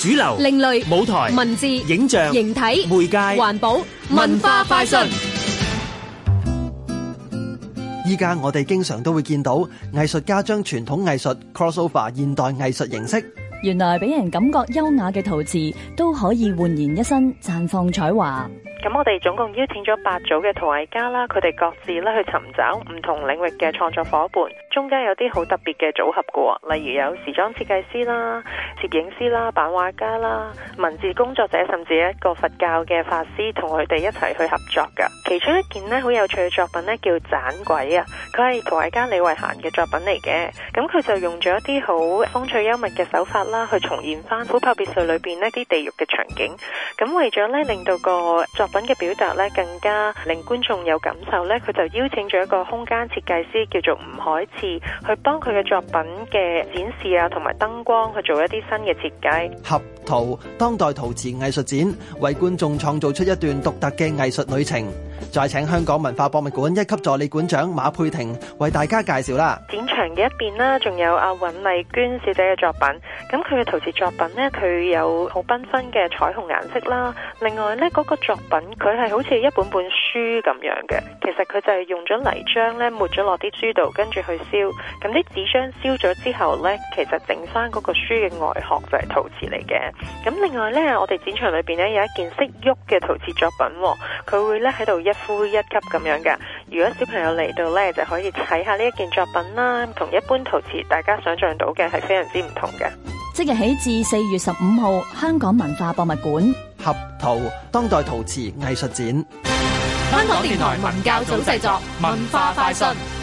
主流、另類、舞台、文字、影像、形體、媒介、環保、文化快訊。依家我哋經常都會見到藝術家將傳統藝術 cross over 現代藝術形式。原來俾人感覺優雅嘅陶瓷都可以煥然一新，綻放彩華。咁我哋總共邀請咗八組嘅陶藝家啦，佢哋各自咧去尋找唔同領域嘅創作伙伴，中間有啲好特別嘅組合嘅，例如有時裝設計師啦、攝影師啦、版畫家啦、文字工作者，甚至一個佛教嘅法師同佢哋一齊去合作嘅。其中一件咧好有趣嘅作品呢，叫《盞鬼》啊，佢係陶藝家李慧嫻嘅作品嚟嘅。咁佢就用咗一啲好風趣幽默嘅手法啦，去重現翻虎豹別墅裏邊咧啲地獄嘅場景。咁為咗咧令到個作品嘅表達咧，更加令觀眾有感受咧。佢就邀請咗一個空間設計師，叫做吳海池，去幫佢嘅作品嘅展示啊，同埋燈光去做一啲新嘅設計。合圖當代陶瓷藝術展，為觀眾創造出一段獨特嘅藝術旅程。再請香港文化博物館一級助理館長馬佩婷為大家介紹啦。展場嘅一邊呢，仲有阿尹麗娟小姐嘅作品。咁佢嘅陶瓷作品呢，佢有好繽紛嘅彩虹顏色啦。另外呢，嗰、那個作品佢係好似一本本書咁樣嘅。其實佢就係用咗泥漿呢，抹咗落啲書度，跟住去燒。咁啲紙張燒咗之後呢，其實整翻嗰個書嘅外殼就係陶瓷嚟嘅。咁另外呢，我哋展場裏邊呢，有一件識喐嘅陶瓷作品，佢會呢喺度。一呼一吸咁樣噶，如果小朋友嚟到呢，就可以睇下呢一件作品啦，同一般陶瓷大家想象到嘅係非常之唔同嘅。即日起至四月十五號，香港文化博物館合陶當代陶瓷藝術展。香港電台文教組製作，文化快訊。